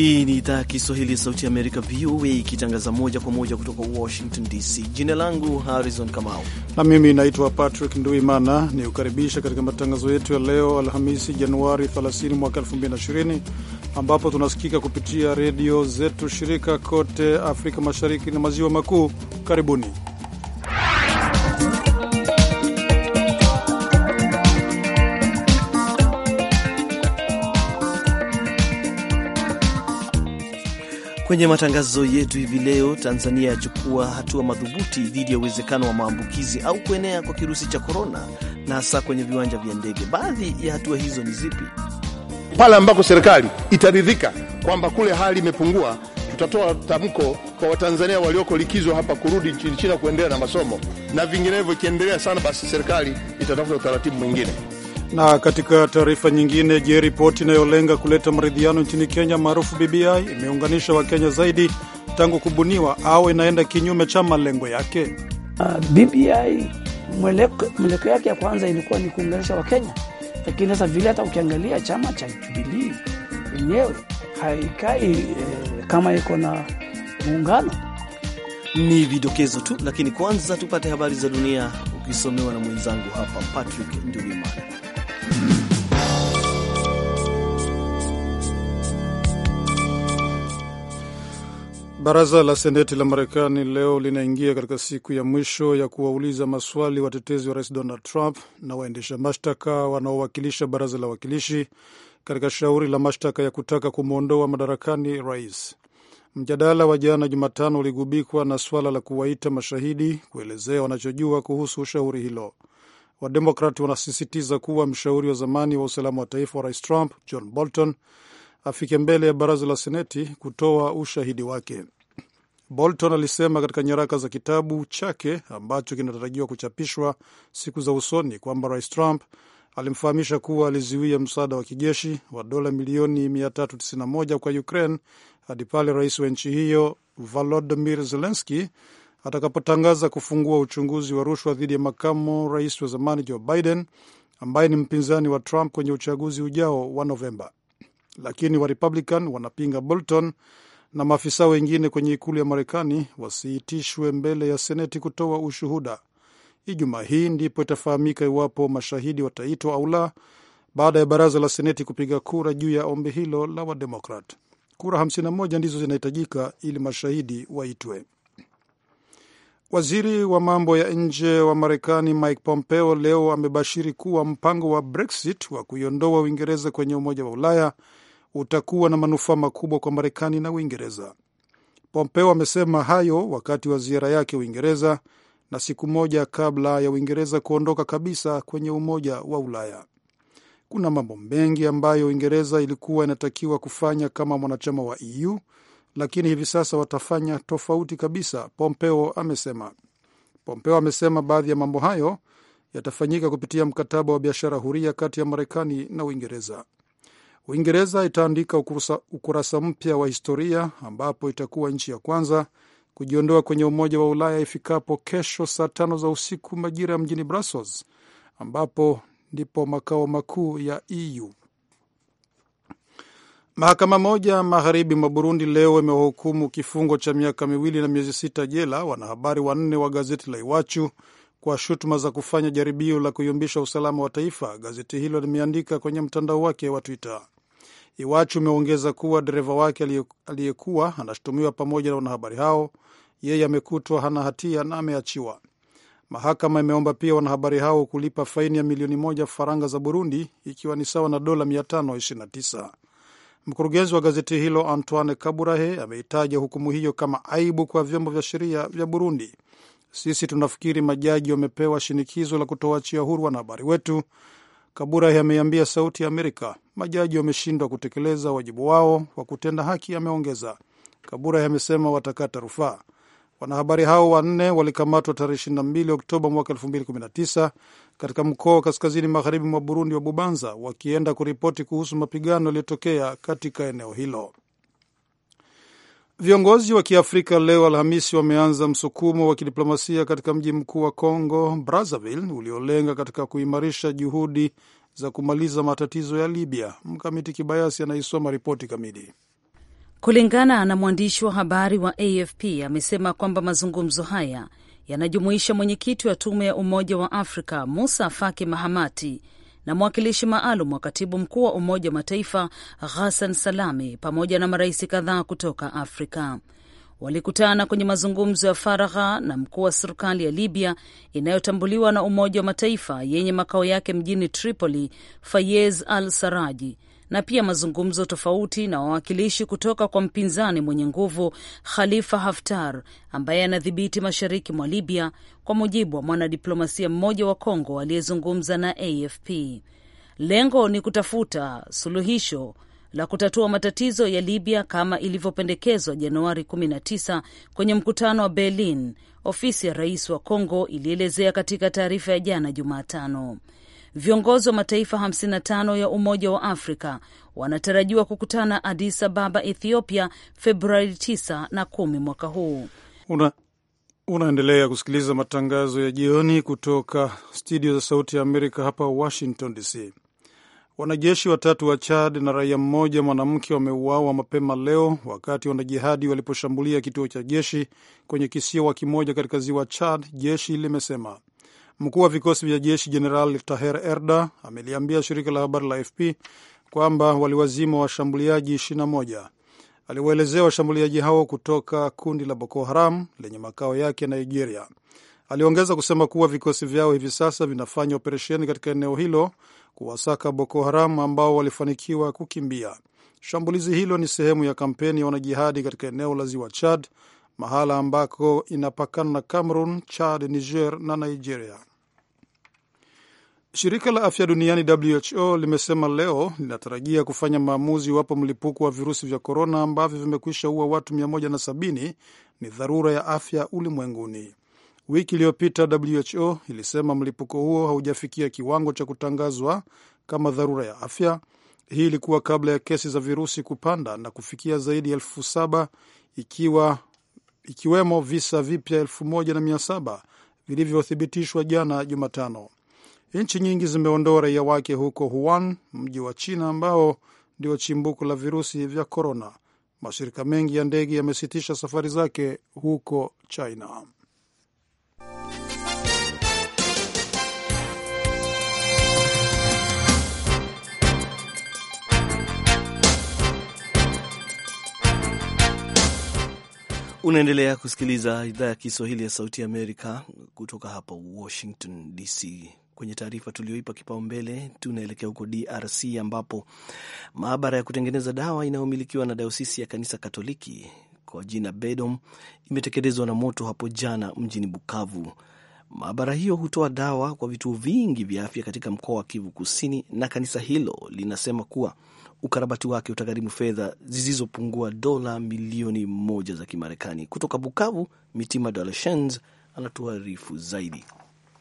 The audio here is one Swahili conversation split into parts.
Hii ni idhaa ya Kiswahili ya Sauti ya Amerika, VOA, ikitangaza moja kwa moja kutoka Washington DC. Jina langu Harrison Kamau na mimi naitwa Patrick Nduimana, ni kukaribisha katika matangazo yetu ya leo Alhamisi, Januari 30 mwaka 2020, ambapo tunasikika kupitia redio zetu shirika kote Afrika Mashariki na Maziwa Makuu. Karibuni. Kwenye matangazo yetu hivi leo, Tanzania yachukua hatua madhubuti dhidi ya uwezekano wa maambukizi au kuenea kwa kirusi cha korona, na hasa kwenye viwanja vya ndege. Baadhi ya hatua hizo ni zipi? Pale ambako serikali itaridhika kwamba kule hali imepungua, tutatoa tamko kwa Watanzania walioko likizo hapa kurudi nchini China kuendelea na masomo, na vinginevyo ikiendelea sana, basi serikali itatafuta utaratibu mwingine. Na katika taarifa nyingine, je, ripoti inayolenga kuleta maridhiano nchini Kenya maarufu BBI imeunganisha Wakenya zaidi tangu kubuniwa au inaenda kinyume cha malengo yake? Uh, ah, BBI mweleko yake ya kwanza ilikuwa ni kuunganisha Wakenya, lakini sasa vile hata ukiangalia chama cha Jubilii yenyewe haikai eh, kama iko na muungano. Ni vidokezo tu, lakini kwanza tupate habari za dunia ukisomewa na mwenzangu hapa Patrick Nduwimana. Baraza la Seneti la Marekani leo linaingia katika siku ya mwisho ya kuwauliza maswali watetezi wa rais Donald Trump na waendesha mashtaka wanaowakilisha baraza la wakilishi katika shauri la mashtaka ya kutaka kumwondoa madarakani rais. Mjadala wa jana Jumatano uligubikwa na suala la kuwaita mashahidi kuelezea wanachojua kuhusu shauri hilo. Wademokrati wanasisitiza kuwa mshauri wa zamani wa usalama wa taifa wa rais Trump, John Bolton, afike mbele ya baraza la Seneti kutoa ushahidi wake. Bolton alisema katika nyaraka za kitabu chake ambacho kinatarajiwa kuchapishwa siku za usoni kwamba Rais Trump alimfahamisha kuwa alizuia msaada wa kijeshi wa dola milioni 391 kwa Ukraine hadi pale rais wa nchi hiyo Volodymyr Zelensky atakapotangaza kufungua uchunguzi wa rushwa dhidi ya makamo rais wa zamani Joe Biden ambaye ni mpinzani wa Trump kwenye uchaguzi ujao wa Novemba lakini Warepublican wanapinga Bolton na maafisa wengine kwenye ikulu ya Marekani wasiitishwe mbele ya Seneti kutoa ushuhuda. Ijumaa hii ndipo itafahamika iwapo mashahidi wataitwa au la, baada ya baraza la Seneti kupiga kura juu ya ombi hilo la Wademokrat. Kura 51 ndizo zinahitajika ili mashahidi waitwe. Waziri wa mambo ya nje wa Marekani Mike Pompeo leo amebashiri kuwa mpango wa Brexit wa kuiondoa Uingereza kwenye Umoja wa Ulaya utakuwa na manufaa makubwa kwa Marekani na Uingereza. Pompeo amesema hayo wakati wa ziara yake Uingereza na siku moja kabla ya Uingereza kuondoka kabisa kwenye Umoja wa Ulaya. Kuna mambo mengi ambayo Uingereza ilikuwa inatakiwa kufanya kama mwanachama wa EU, lakini hivi sasa watafanya tofauti kabisa, Pompeo amesema. Pompeo amesema baadhi ya mambo hayo yatafanyika kupitia mkataba wa biashara huria kati ya Marekani na Uingereza. Uingereza itaandika ukurasa, ukurasa mpya wa historia ambapo itakuwa nchi ya kwanza kujiondoa kwenye Umoja wa Ulaya ifikapo kesho saa tano za usiku majira mjini Brussels, ambapo ndipo makao makuu ya EU. Mahakama moja magharibi mwa Burundi leo imewahukumu kifungo cha miaka miwili na miezi sita jela wanahabari wanne wa gazeti la Iwachu kwa shutuma za kufanya jaribio la kuyumbisha usalama wa taifa, gazeti hilo limeandika kwenye mtandao wake wa Twitter. Iwachu umeongeza kuwa dereva wake aliyekuwa anashutumiwa pamoja na wanahabari hao, yeye amekutwa hana hatia na ameachiwa. Mahakama imeomba pia wanahabari hao kulipa faini ya milioni moja faranga za Burundi, ikiwa ni sawa na dola 529. Mkurugenzi wa gazeti hilo Antoine Kaburahe ameitaja hukumu hiyo kama aibu kwa vyombo vya sheria vya Burundi sisi tunafikiri majaji wamepewa shinikizo la kutoachia huru wanahabari wetu, Kabura ameambia Sauti ya Amerika. Majaji wameshindwa kutekeleza wajibu wao wa kutenda haki, ameongeza. Kabura amesema watakata rufaa. Wanahabari hao wanne walikamatwa tarehe 22 Oktoba mwaka 2019 katika mkoa wa kaskazini magharibi mwa Burundi wa Bubanza, wakienda kuripoti kuhusu mapigano yaliyotokea katika eneo hilo. Viongozi wa Kiafrika leo Alhamisi wameanza msukumo wa kidiplomasia katika mji mkuu wa Congo, Brazzaville, uliolenga katika kuimarisha juhudi za kumaliza matatizo ya Libya. Mkamiti Kibayasi anaisoma ripoti kamili. Kulingana na mwandishi wa habari wa AFP, amesema kwamba mazungumzo haya yanajumuisha mwenyekiti wa tume ya Umoja wa Afrika Musa Faki Mahamati na mwakilishi maalum wa katibu mkuu wa Umoja wa Mataifa Ghassan Salame pamoja na marais kadhaa kutoka Afrika walikutana kwenye mazungumzo ya faragha na mkuu wa serikali ya Libya inayotambuliwa na Umoja wa Mataifa yenye makao yake mjini Tripoli, Fayez al Saraji na pia mazungumzo tofauti na wawakilishi kutoka kwa mpinzani mwenye nguvu Khalifa Haftar ambaye anadhibiti mashariki mwa Libya, kwa mujibu wa mwanadiplomasia mmoja wa Kongo aliyezungumza na AFP. Lengo ni kutafuta suluhisho la kutatua matatizo ya Libya kama ilivyopendekezwa Januari 19 kwenye mkutano wa Berlin, ofisi ya rais wa Kongo ilielezea katika taarifa ya jana Jumatano. Viongozi wa mataifa 55 ya Umoja wa Afrika wanatarajiwa kukutana Addis Ababa, Ethiopia, Februari 9 na 10 mwaka huu. Una, unaendelea kusikiliza matangazo ya jioni kutoka studio za Sauti ya Amerika hapa Washington DC. Wanajeshi watatu wa Chad na raia mmoja mwanamke wameuawa mapema leo wakati wanajihadi waliposhambulia kituo cha jeshi kwenye kisiwa kimoja katika ziwa Chad, jeshi limesema. Mkuu wa vikosi vya jeshi Jenerali Taher Erda ameliambia shirika la habari la fp kwamba waliwazima washambuliaji 21. Aliwaelezea washambuliaji hao kutoka kundi la Boko Haram lenye makao yake Nigeria. Aliongeza kusema kuwa vikosi vyao hivi sasa vinafanya operesheni katika eneo hilo kuwasaka Boko Haram ambao walifanikiwa kukimbia. Shambulizi hilo ni sehemu ya kampeni ya wanajihadi katika eneo la ziwa Chad, mahala ambako inapakana na Cameroon, Chad, Niger na Nigeria. Shirika la afya duniani WHO limesema leo linatarajia kufanya maamuzi iwapo mlipuko wa virusi vya korona ambavyo vimekwisha ua watu 170 ni dharura ya afya ulimwenguni. Wiki iliyopita WHO ilisema mlipuko huo haujafikia kiwango cha kutangazwa kama dharura ya afya. Hii ilikuwa kabla ya kesi za virusi kupanda na kufikia zaidi ya elfu saba ikiwa, ikiwemo visa vipya elfu moja na mia saba vilivyothibitishwa jana Jumatano. Nchi nyingi zimeondoa raia wake huko Wuhan, mji wa China ambao ndio chimbuko la virusi vya korona. Mashirika mengi ya ndege yamesitisha safari zake huko China. Unaendelea kusikiliza idhaa ya Kiswahili ya Sauti ya Amerika kutoka hapa Washington DC. Kwenye taarifa tulioipa kipaumbele, tunaelekea huko DRC ambapo maabara ya kutengeneza dawa inayomilikiwa na dayosisi ya kanisa Katoliki kwa jina Bedom imetekelezwa na moto hapo jana mjini Bukavu. Maabara hiyo hutoa dawa kwa vituo vingi vya afya katika mkoa wa Kivu Kusini, na kanisa hilo linasema kuwa ukarabati wake utagharimu fedha zisizopungua dola milioni moja za Kimarekani. Kutoka Bukavu, Mitima Dolashens anatuarifu zaidi.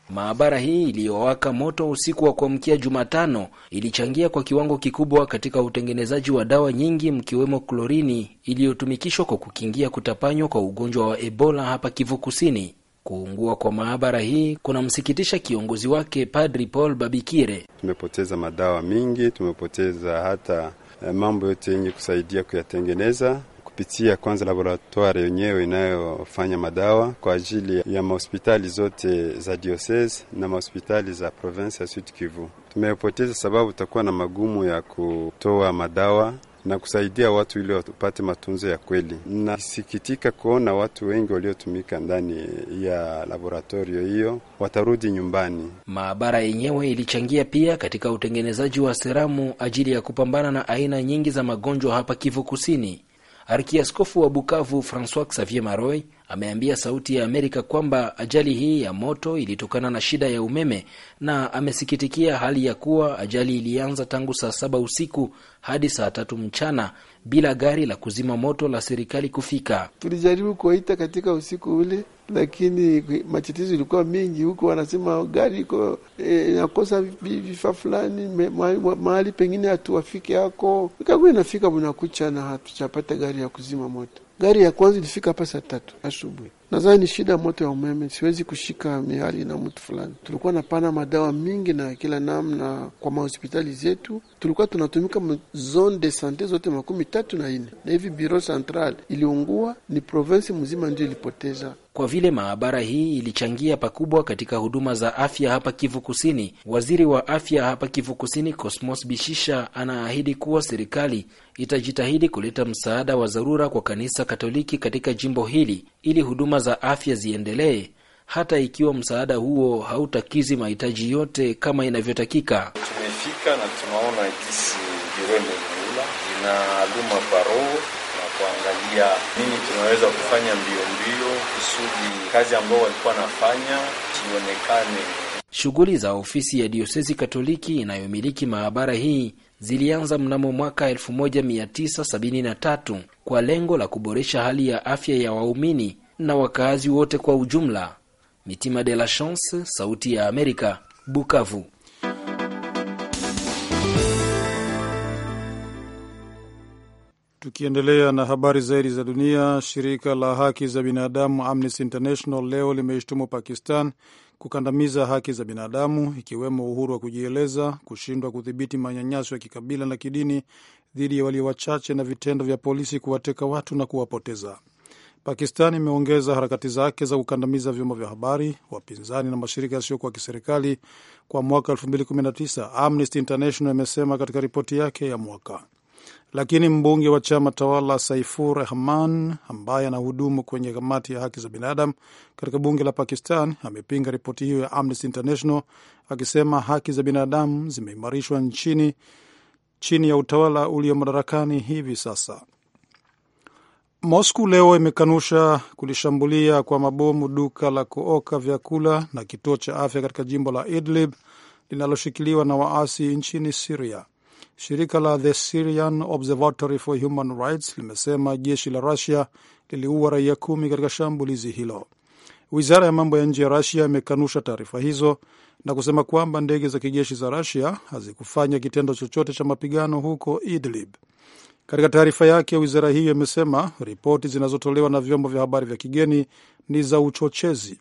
Maabara hii iliyowaka moto usiku wa kuamkia Jumatano ilichangia kwa kiwango kikubwa katika utengenezaji wa dawa nyingi mkiwemo klorini iliyotumikishwa kwa kukingia kutapanywa kwa ugonjwa wa Ebola hapa Kivu Kusini. Kuungua kwa maabara hii kunamsikitisha kiongozi wake Padri Paul Babikire. Tumepoteza madawa mingi, tumepoteza hata eh, mambo yote yenye kusaidia kuyatengeneza kupitia kwanza laboratoire yenyewe inayofanya madawa kwa ajili ya mahospitali zote za diocese na mahospitali za province ya Sud Kivu. Tumepoteza sababu tutakuwa na magumu ya kutoa madawa na kusaidia watu ili wapate matunzo ya kweli. Nasikitika kuona watu wengi waliotumika ndani ya laboratorio hiyo watarudi nyumbani. Maabara yenyewe ilichangia pia katika utengenezaji wa seramu ajili ya kupambana na aina nyingi za magonjwa hapa Kivu Kusini. Arkiaskofu wa Bukavu Francois Xavier Maroy ameambia Sauti ya Amerika kwamba ajali hii ya moto ilitokana na shida ya umeme na amesikitikia hali ya kuwa ajali ilianza tangu saa saba usiku hadi saa tatu mchana bila gari la kuzima moto la serikali kufika. Tulijaribu kuwaita katika usiku ule, lakini matatizo ilikuwa mingi huku Wanasema gari iko eh, inakosa e, vifaa fulani mahali pengine hatuwafike hako kagu, inafika mnakucha na hatuchapata gari ya kuzima moto. Gari ya kwanza ilifika hapa saa tatu asubuhi. Nadhani shida moto ya umeme, siwezi kushika mihali na mtu fulani. Tulikuwa napana madawa mingi na kila namna kwa mahospitali zetu, tulikuwa tunatumika zone de sante zote makumi tatu na nne na hivi biro central iliungua, ni provensi mzima ndio ilipoteza. Kwa vile maabara hii ilichangia pakubwa katika huduma za afya hapa Kivu Kusini, waziri wa afya hapa Kivu Kusini Cosmos Bishisha anaahidi kuwa serikali itajitahidi kuleta msaada wa dharura kwa kanisa Katoliki katika jimbo hili ili huduma huduma za afya ziendelee hata ikiwa msaada huo hautakizi mahitaji yote kama inavyotakika. Tumefika na tunaona jinsi jironi Mula zinaaluma kwa roho na kuangalia nini tunaweza kufanya mbio mbio kusudi kazi ambao walikuwa wanafanya ionekane. Shughuli za ofisi ya diosesi Katoliki inayomiliki maabara hii zilianza mnamo mwaka 1973 kwa lengo la kuboresha hali ya afya ya waumini na wakaazi wote kwa ujumla. Mitima de la Chance, Sauti ya Amerika, Bukavu. Tukiendelea na habari zaidi za dunia, shirika la haki za binadamu Amnesty International leo limeishtumu Pakistan kukandamiza haki za binadamu ikiwemo uhuru wa kujieleza, kushindwa kudhibiti manyanyaso ya kikabila na kidini dhidi ya walio wachache na vitendo vya polisi kuwateka watu na kuwapoteza. Pakistan imeongeza harakati zake za kukandamiza vyombo vya habari, wapinzani na mashirika yasiyokuwa kiserikali kwa mwaka 2019, Amnesty International imesema katika ripoti yake ya mwaka. Lakini mbunge wa chama tawala Saifur Rahman, ambaye anahudumu kwenye kamati ya haki za binadamu katika bunge la Pakistan, amepinga ripoti hiyo ya Amnesty International akisema haki za binadamu zimeimarishwa nchini chini ya utawala ulio madarakani hivi sasa. Moscow leo imekanusha kulishambulia kwa mabomu duka la kuoka vyakula na kituo cha afya katika jimbo la Idlib linaloshikiliwa na waasi nchini Siria. Shirika la The Syrian Observatory for Human Rights limesema jeshi la Rusia liliua raia kumi katika shambulizi hilo. Wizara ya mambo ya nje ya Rusia imekanusha taarifa hizo na kusema kwamba ndege za kijeshi za Rusia hazikufanya kitendo chochote cha mapigano huko Idlib. Katika taarifa yake, wizara hiyo imesema ripoti zinazotolewa na vyombo vya habari vya kigeni ni za uchochezi.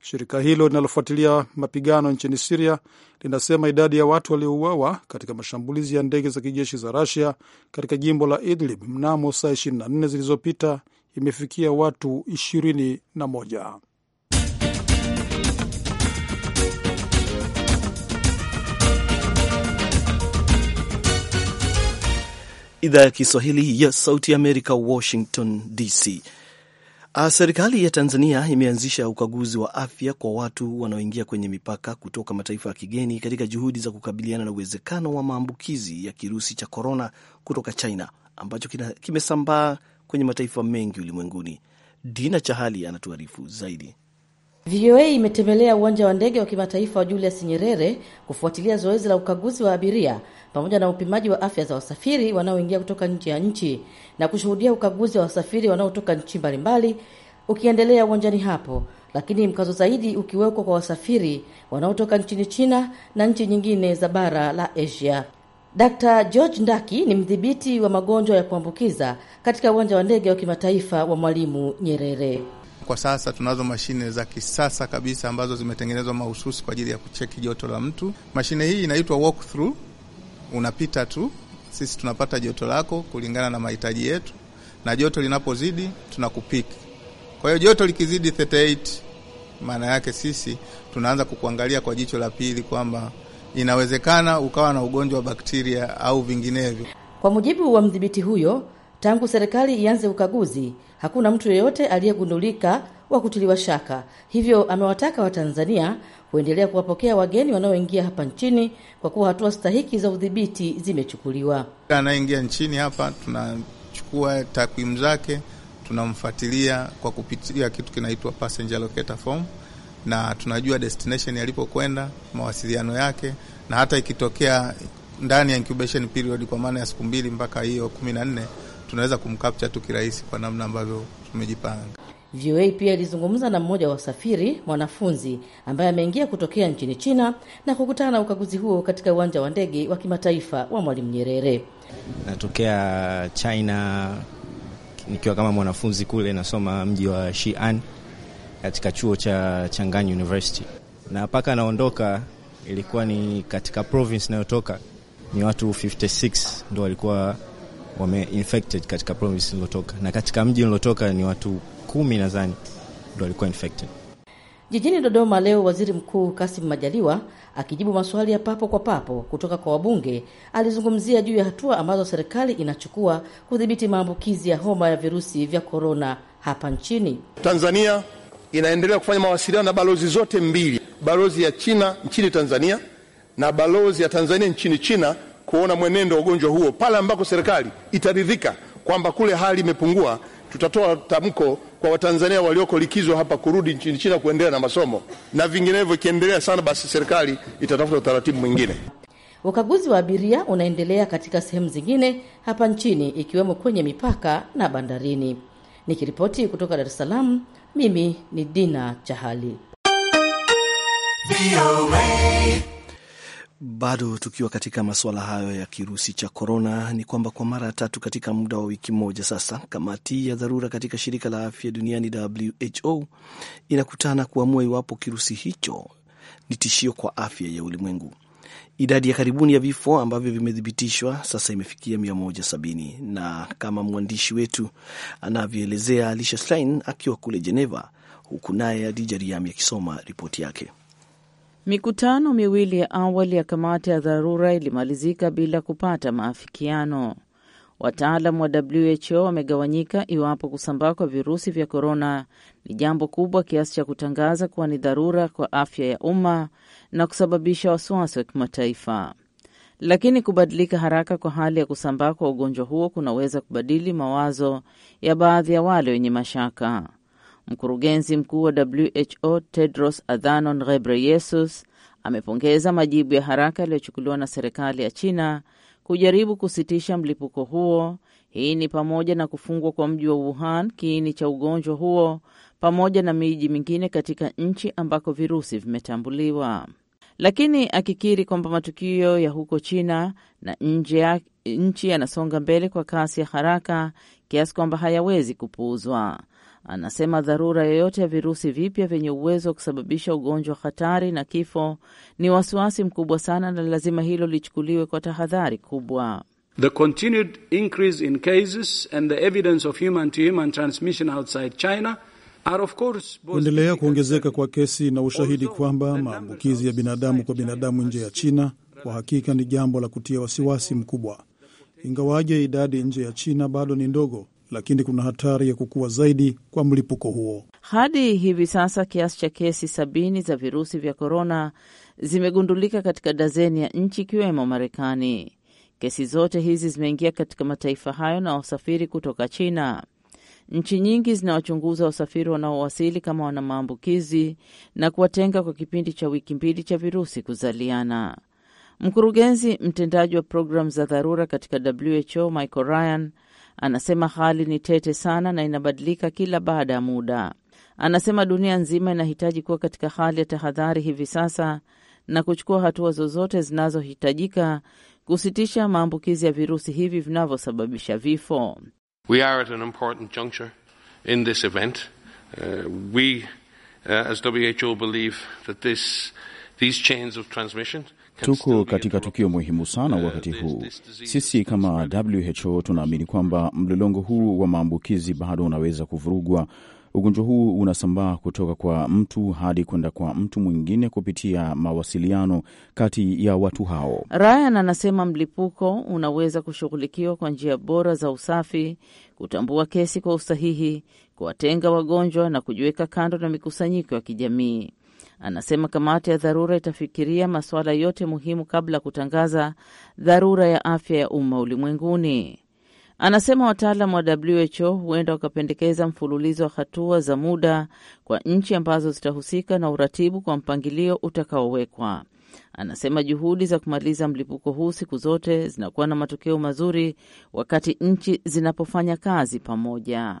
Shirika hilo linalofuatilia mapigano nchini Siria linasema idadi ya watu waliouawa katika mashambulizi ya ndege za kijeshi za Rusia katika jimbo la Idlib mnamo saa 24 zilizopita imefikia watu 21. idhaa ya Kiswahili ya Sauti Amerika, Washington DC. Ah, serikali ya Tanzania imeanzisha ukaguzi wa afya kwa watu wanaoingia kwenye mipaka kutoka mataifa ya kigeni katika juhudi za kukabiliana na uwezekano wa maambukizi ya kirusi cha korona kutoka China ambacho kimesambaa kwenye mataifa mengi ulimwenguni. Dina Chahali anatuarifu zaidi. VOA imetembelea uwanja wa ndege wa kimataifa wa Julius Nyerere kufuatilia zoezi la ukaguzi wa abiria pamoja na upimaji wa afya za wasafiri wanaoingia kutoka nje ya nchi na kushuhudia ukaguzi wa wasafiri wanaotoka nchi mbalimbali ukiendelea uwanjani hapo, lakini mkazo zaidi ukiwekwa kwa wasafiri wanaotoka nchini China na nchi nyingine za bara la Asia. Dkt. George Ndaki ni mdhibiti wa magonjwa ya kuambukiza katika uwanja wa ndege wa kimataifa wa Mwalimu Nyerere. Kwa sasa tunazo mashine za kisasa kabisa ambazo zimetengenezwa mahususi kwa ajili ya kucheki joto la mtu. Mashine hii inaitwa unapita tu, sisi tunapata joto lako kulingana na mahitaji yetu, na joto linapozidi tunakupiki. Kwa hiyo joto likizidi 38 maana yake sisi tunaanza kukuangalia kwa jicho la pili kwamba inawezekana ukawa na ugonjwa wa bakteria au vinginevyo. Kwa mujibu wa mdhibiti huyo, tangu serikali ianze ukaguzi hakuna mtu yeyote aliyegundulika wa kutiliwa shaka, hivyo amewataka Watanzania huendelea kuwapokea wageni wanaoingia hapa nchini kwa kuwa hatua stahiki za udhibiti zimechukuliwa. Anayeingia nchini hapa tunachukua takwimu zake, tunamfuatilia kwa kupitia kitu kinaitwa passenger form, na tunajua destination yalipokwenda, mawasiliano yake, na hata ikitokea ndani ya incubation period, kwa maana ya siku mbili mpaka hiyo kumi na nne tunaweza kumkapcha tu kirahisi kwa namna ambavyo tumejipanga. VOA pia ilizungumza na mmoja wa wasafiri mwanafunzi ambaye ameingia kutokea nchini China na kukutana na ukaguzi huo katika uwanja wa ndege wa kimataifa wa Mwalimu Nyerere. Natokea China nikiwa kama mwanafunzi kule, nasoma mji wa Xi'an katika chuo cha Chang'an University, na mpaka naondoka ilikuwa ni katika province inayotoka ni watu 56 ndo walikuwa wameinfected katika province nilotoka, na katika mji nilotoka ni watu kumi nadhani ndo alikuwa infected. Jijini Dodoma leo, Waziri Mkuu Kasim Majaliwa akijibu maswali ya papo kwa papo kutoka kwa wabunge alizungumzia juu ya hatua ambazo serikali inachukua kudhibiti maambukizi ya homa ya virusi vya korona hapa nchini. Tanzania inaendelea kufanya mawasiliano na balozi zote mbili, balozi ya China nchini Tanzania na balozi ya Tanzania nchini China, kuona mwenendo wa ugonjwa huo pale ambako serikali itaridhika kwamba kule hali imepungua tutatoa tamko kwa Watanzania walioko likizo hapa kurudi nchini China kuendelea na masomo, na vinginevyo ikiendelea sana, basi serikali itatafuta utaratibu mwingine. Ukaguzi wa abiria unaendelea katika sehemu zingine hapa nchini ikiwemo kwenye mipaka na bandarini. Nikiripoti kutoka Dar es Salaam, mimi ni Dina Chahali. Bado tukiwa katika masuala hayo ya kirusi cha korona, ni kwamba kwa mara ya tatu katika muda wa wiki moja sasa, kamati ya dharura katika shirika la afya duniani WHO inakutana kuamua iwapo kirusi hicho ni tishio kwa afya ya ulimwengu. Idadi ya karibuni ya vifo ambavyo vimethibitishwa sasa imefikia 170 na kama mwandishi wetu anavyoelezea Alisha Stein akiwa kule Geneva, huku naye Adija Riami akisoma ripoti yake. Mikutano miwili ya awali ya kamati ya dharura ilimalizika bila kupata maafikiano. Wataalam wa WHO wamegawanyika iwapo kusambaa kwa virusi vya korona ni jambo kubwa kiasi cha kutangaza kuwa ni dharura kwa afya ya umma na kusababisha wasiwasi wa kimataifa. Lakini kubadilika haraka kwa hali ya kusambaa kwa ugonjwa huo kunaweza kubadili mawazo ya baadhi ya wale wenye mashaka. Mkurugenzi mkuu wa WHO Tedros Adhanom Ghebreyesus amepongeza majibu ya haraka yaliyochukuliwa na serikali ya China kujaribu kusitisha mlipuko huo. Hii ni pamoja na kufungwa kwa mji wa Wuhan, kiini cha ugonjwa huo, pamoja na miji mingine katika nchi ambako virusi vimetambuliwa, lakini akikiri kwamba matukio ya huko China na nje ya nchi yanasonga mbele kwa kasi ya haraka kiasi kwamba hayawezi kupuuzwa. Anasema dharura yoyote ya virusi vipya vyenye uwezo wa kusababisha ugonjwa hatari na kifo ni wasiwasi mkubwa sana, na lazima hilo lichukuliwe kwa tahadhari kubwa. The continued increase in cases and the evidence of human to human transmission outside China kuendelea kuongezeka kwa kesi na ushahidi kwamba maambukizi ya binadamu kwa binadamu nje ya China kwa hakika ni jambo la kutia wasiwasi mkubwa. Ingawaje idadi nje ya China bado ni ndogo, lakini kuna hatari ya kukua zaidi kwa mlipuko huo. Hadi hivi sasa kiasi cha kesi sabini za virusi vya korona zimegundulika katika dazeni ya nchi ikiwemo Marekani. Kesi zote hizi zimeingia katika mataifa hayo na wasafiri kutoka China. Nchi nyingi zinawachunguza wasafiri wanaowasili kama wana maambukizi na kuwatenga kwa kipindi cha wiki mbili cha virusi kuzaliana. Mkurugenzi mtendaji wa programu za dharura katika WHO Michael Ryan Anasema hali ni tete sana na inabadilika kila baada ya muda. Anasema dunia nzima inahitaji kuwa katika hali ya tahadhari hivi sasa na kuchukua hatua zozote zinazohitajika kusitisha maambukizi ya virusi hivi vinavyosababisha vifo. We are at an important juncture in this event. Uh, we, uh, as WHO believe that this, these chains of transmission Tuko katika tukio muhimu sana wakati huu. Sisi kama WHO tunaamini kwamba mlolongo huu wa maambukizi bado unaweza kuvurugwa. Ugonjwa huu unasambaa kutoka kwa mtu hadi kwenda kwa mtu mwingine kupitia mawasiliano kati ya watu hao. Ryan anasema mlipuko unaweza kushughulikiwa kwa njia bora za usafi, kutambua kesi kwa usahihi, kuwatenga wagonjwa na kujiweka kando na mikusanyiko ya kijamii. Anasema kamati ya dharura itafikiria masuala yote muhimu kabla ya kutangaza dharura ya afya ya umma ulimwenguni. Anasema wataalam wa WHO huenda wakapendekeza mfululizo wa hatua za muda kwa nchi ambazo zitahusika na uratibu kwa mpangilio utakaowekwa. Anasema juhudi za kumaliza mlipuko huu siku zote zinakuwa na matokeo mazuri wakati nchi zinapofanya kazi pamoja.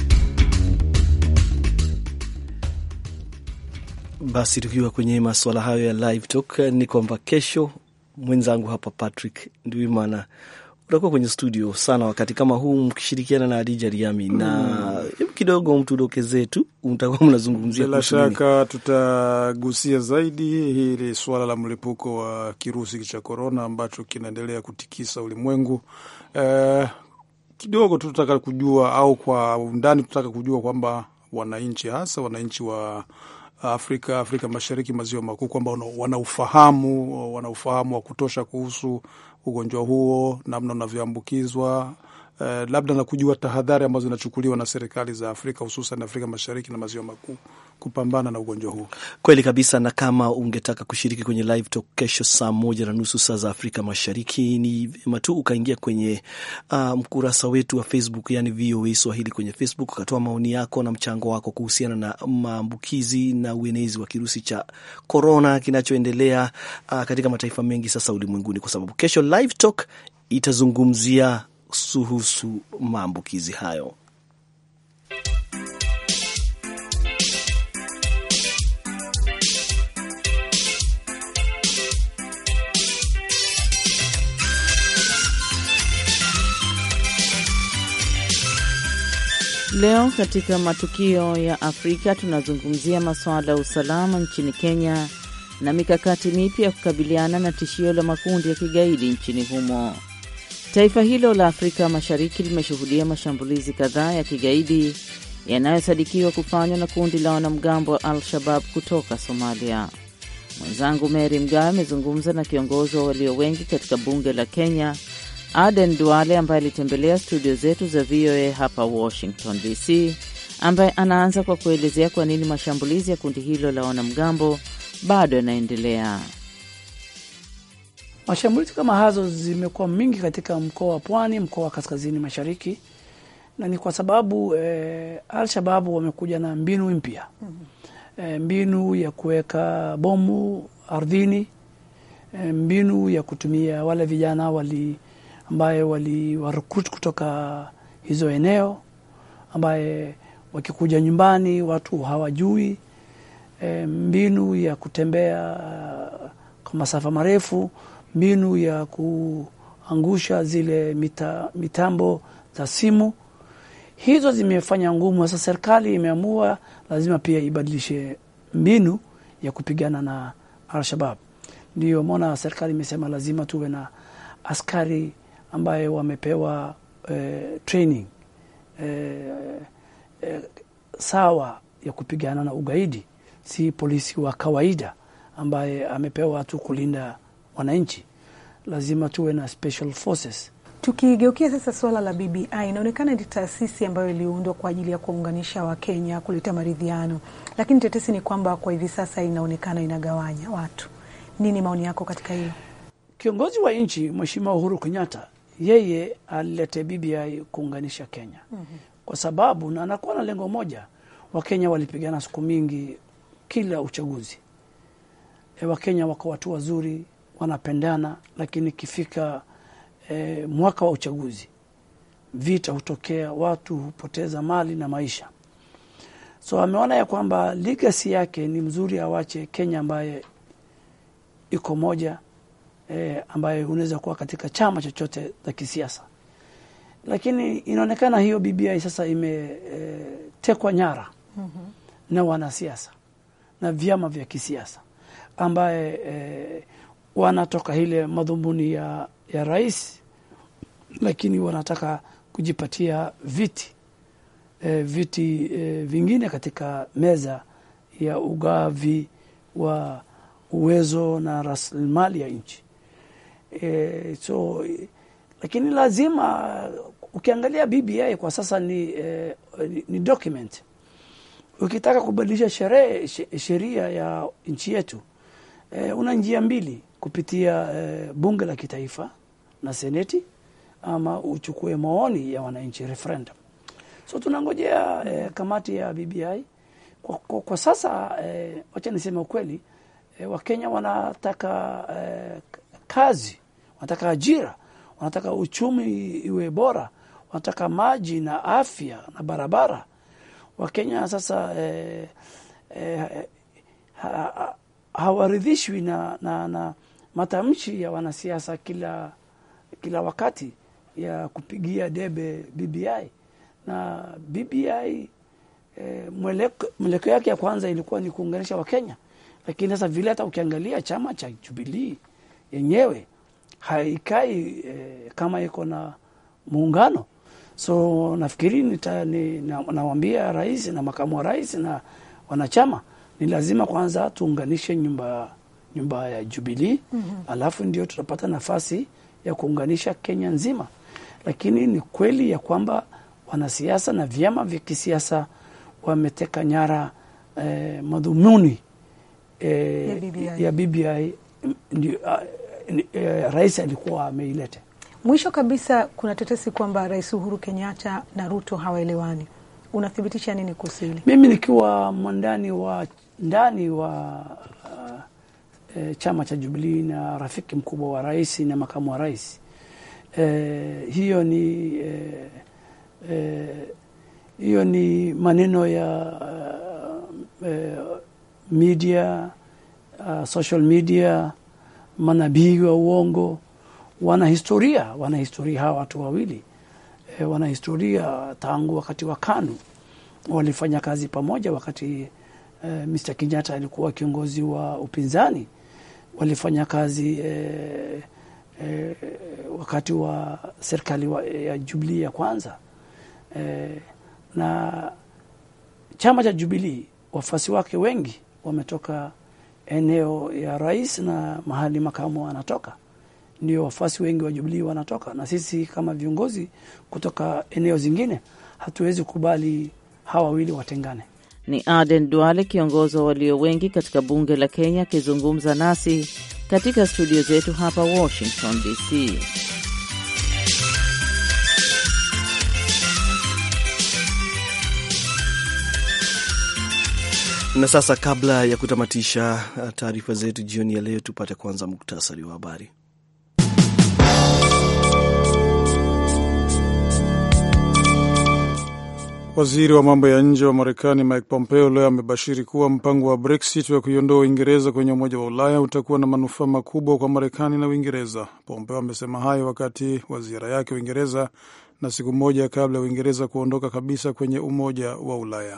Basi tukiwa kwenye masuala hayo ya live talk, ni kwamba kesho mwenzangu hapa Patrick Ndwimana utakuwa kwenye studio sana wakati kama huu mkishirikiana na Adija Riami mm. na kidogo mtudokezee tu mtakuwa mnazungumzia. Bila shaka tutagusia zaidi hili suala la mlipuko wa kirusi cha korona ambacho kinaendelea kutikisa ulimwengu eh, kidogo tu tutaka kujua au kwa undani tutaka kujua kwamba wananchi hasa wananchi wa Afrika, Afrika Mashariki, maziwa makuu, kwamba wanaufahamu wanaufahamu wa kutosha kuhusu ugonjwa huo, namna unavyoambukizwa, eh, labda na kujua tahadhari ambazo zinachukuliwa na serikali za Afrika hususan Afrika Mashariki na maziwa makuu kupambana na ugonjwa huu. Kweli kabisa, na kama ungetaka kushiriki kwenye live talk kesho saa moja na nusu saa za Afrika Mashariki, ni vyema tu ukaingia kwenye uh, mkurasa wetu wa Facebook, yani VOA Swahili kwenye Facebook, ukatoa maoni yako na mchango wako kuhusiana na maambukizi na uenezi wa kirusi cha korona kinachoendelea uh, katika mataifa mengi sasa ulimwenguni, kwa sababu kesho live talk itazungumzia kuhusu maambukizi hayo. Leo katika matukio ya Afrika tunazungumzia masuala ya usalama nchini Kenya na mikakati mipya ya kukabiliana na tishio la makundi ya kigaidi nchini humo. Taifa hilo la Afrika Mashariki limeshuhudia mashambulizi kadhaa ya kigaidi yanayosadikiwa kufanywa na kundi la wanamgambo wa Al-Shabab kutoka Somalia. Mwenzangu Mary Mgawe amezungumza na kiongozi wa walio wengi katika bunge la Kenya Aden Duale ambaye alitembelea studio zetu za VOA hapa Washington DC, ambaye anaanza kwa kuelezea kwa nini mashambulizi ya kundi hilo la wanamgambo bado yanaendelea. Mashambulizi kama hazo zimekuwa mingi katika mkoa wa Pwani, mkoa wa kaskazini mashariki, na ni kwa sababu e, eh, Alshababu wamekuja na mbinu mpya e, mbinu ya kuweka bomu ardhini e, mbinu ya kutumia wale vijana wali ambaye waliwarukut kutoka hizo eneo, ambaye wakikuja nyumbani watu hawajui e, mbinu ya kutembea uh, kwa masafa marefu, mbinu ya kuangusha zile mita, mitambo za simu hizo zimefanya ngumu. Sasa serikali imeamua lazima pia ibadilishe mbinu ya kupigana na Alshabab. Ndiyo maana serikali imesema lazima tuwe na askari ambaye wamepewa eh, training eh, eh, sawa ya kupigana na ugaidi, si polisi wa kawaida ambaye amepewa tu kulinda wananchi. Lazima tuwe na special forces. Tukigeukia sasa suala la BBI, inaonekana ni taasisi ambayo iliundwa kwa ajili ya kuwaunganisha Wakenya, kuleta maridhiano, lakini tetesi ni kwamba kwa hivi sasa inaonekana inagawanya watu. Nini maoni yako katika hilo? Kiongozi wa nchi Mheshimiwa Uhuru Kenyatta yeye alilete BBI kuunganisha Kenya mm -hmm. kwa sababu na anakuwa na lengo moja. Wakenya walipigana siku mingi kila uchaguzi e, Wakenya wako watu wazuri, wanapendana, lakini ikifika e, mwaka wa uchaguzi vita hutokea, watu hupoteza mali na maisha. So ameona ya kwamba legacy yake ni mzuri, awache Kenya ambaye iko moja eh, ambayo unaweza kuwa katika chama chochote za kisiasa. Lakini inaonekana hiyo BBI sasa imetekwa eh, nyara mm -hmm. na wanasiasa na vyama vya kisiasa ambaye eh, wanatoka ile madhumuni ya, ya rais, lakini wanataka kujipatia viti E, viti e, vingine katika meza ya ugavi wa uwezo na rasilimali ya nchi e, so lakini lazima ukiangalia BBI kwa sasa ni, e, ni, ni document. Ukitaka kubadilisha sheria ya nchi yetu e, una njia mbili kupitia e, bunge la kitaifa na seneti ama uchukue maoni ya wananchi referendum. So tunangojea e, kamati ya BBI kwa, kwa, kwa sasa e, wacha niseme ukweli e, Wakenya wanataka e, kazi wanataka ajira, wanataka uchumi iwe bora, wanataka maji na afya na barabara. Wakenya sasa eh, eh, hawaridhishwi na, na, na matamshi ya wanasiasa kila, kila wakati ya kupigia debe BBI na BBI eh, mwelekeo yake ya kwanza ilikuwa ni kuunganisha Wakenya, lakini sasa vile hata ukiangalia chama cha Jubilii yenyewe haikai e, kama iko na muungano. So nafikiri nita, ni, na, nawambia rais na makamu wa rais na wanachama ni lazima kwanza tuunganishe nyumba, nyumba ya jubilii mm -hmm. Alafu ndio tutapata nafasi ya kuunganisha Kenya nzima, lakini ni kweli ya kwamba wanasiasa na vyama vya kisiasa wameteka nyara eh, madhumuni eh, ya BBI, ya BBI ndio, ah, Eh, rais alikuwa ameileta. Mwisho kabisa, kuna tetesi kwamba Rais Uhuru Kenyatta na Ruto hawaelewani. Unathibitisha nini kuhusu hili? Mimi nikiwa mwandani wa ndani wa uh, e, chama cha Jubilii na rafiki mkubwa wa rais na makamu wa rais e, hiyo ni e, e, hiyo ni maneno ya uh, uh, media uh, social media manabii wa uongo, wana historia, wana historia hawa watu wawili e, wana historia tangu wakati wa KANU walifanya kazi pamoja wakati e, Mr. Kenyatta alikuwa kiongozi wa upinzani, walifanya kazi e, e, wakati wa serikali e, ya jubilii ya kwanza e, na chama cha jubilii wafuasi wake wengi wametoka eneo ya rais na mahali makamu anatoka, ndio wafuasi wengi wa Jubilii wanatoka, na sisi kama viongozi kutoka eneo zingine hatuwezi kukubali hawa wawili watengane. Ni Aden Duale, kiongozi wa walio wengi katika bunge la Kenya, akizungumza nasi katika studio zetu hapa Washington DC. Na sasa kabla ya kutamatisha uh, taarifa zetu jioni ya leo, tupate kwanza muktasari wa habari. Waziri wa mambo ya nje wa Marekani Mike Pompeo leo amebashiri kuwa mpango wa Brexit wa kuiondoa Uingereza kwenye Umoja wa Ulaya utakuwa na manufaa makubwa kwa Marekani na Uingereza. Pompeo amesema hayo wakati wa ziara yake Uingereza na siku moja kabla ya Uingereza kuondoka kabisa kwenye Umoja wa Ulaya.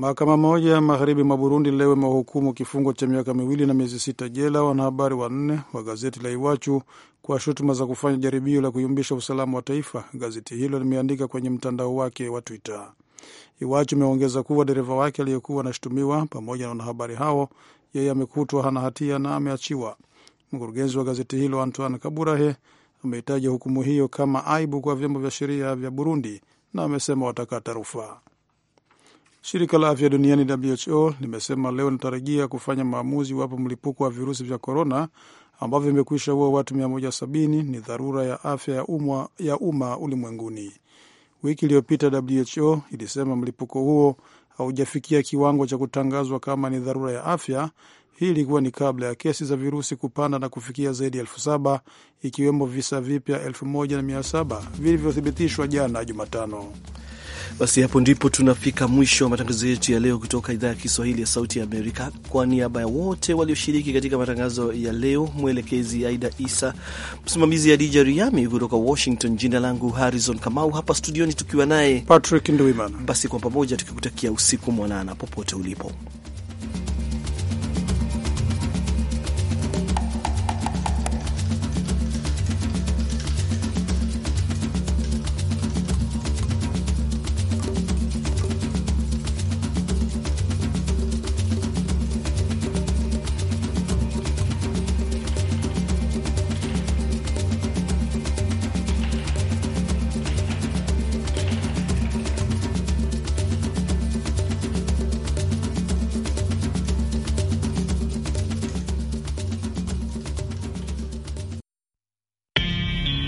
Mahakama moja magharibi mwa Burundi leo imewahukumu kifungo cha miaka miwili na miezi sita jela wanahabari wanne wa gazeti la Iwachu kwa shutuma za kufanya jaribio la kuyumbisha usalama wa taifa, gazeti hilo limeandika kwenye mtandao wake wa Twitter. Iwachu imeongeza kuwa dereva wake aliyekuwa anashutumiwa pamoja na wanahabari hao, yeye amekutwa hana hatia na ameachiwa. Mkurugenzi wa gazeti hilo Antoine Kaburahe ameitaja hukumu hiyo kama aibu kwa vyombo vya sheria vya Burundi na amesema watakata rufaa. Shirika la afya duniani WHO limesema leo linatarajia kufanya maamuzi iwapo mlipuko wa virusi vya korona ambavyo vimekwisha ua watu 170 ni dharura ya afya ya umma ulimwenguni. Wiki iliyopita WHO ilisema mlipuko huo haujafikia kiwango cha kutangazwa kama ni dharura ya afya. Hii ilikuwa ni kabla ya kesi za virusi kupanda na kufikia zaidi ya elfu saba ikiwemo visa vipya elfu moja na mia saba vilivyothibitishwa jana Jumatano. Basi hapo ndipo tunafika mwisho wa matangazo yetu ya leo kutoka idhaa ya Kiswahili ya Sauti ya Amerika. Kwa niaba ya wote walioshiriki katika matangazo ya leo, mwelekezi Aida Isa, msimamizi Adija Riami kutoka Washington, jina langu Harrison Kamau, hapa studioni tukiwa naye Patrick Ndwimana. Basi kwa pamoja tukikutakia usiku mwanana popote ulipo.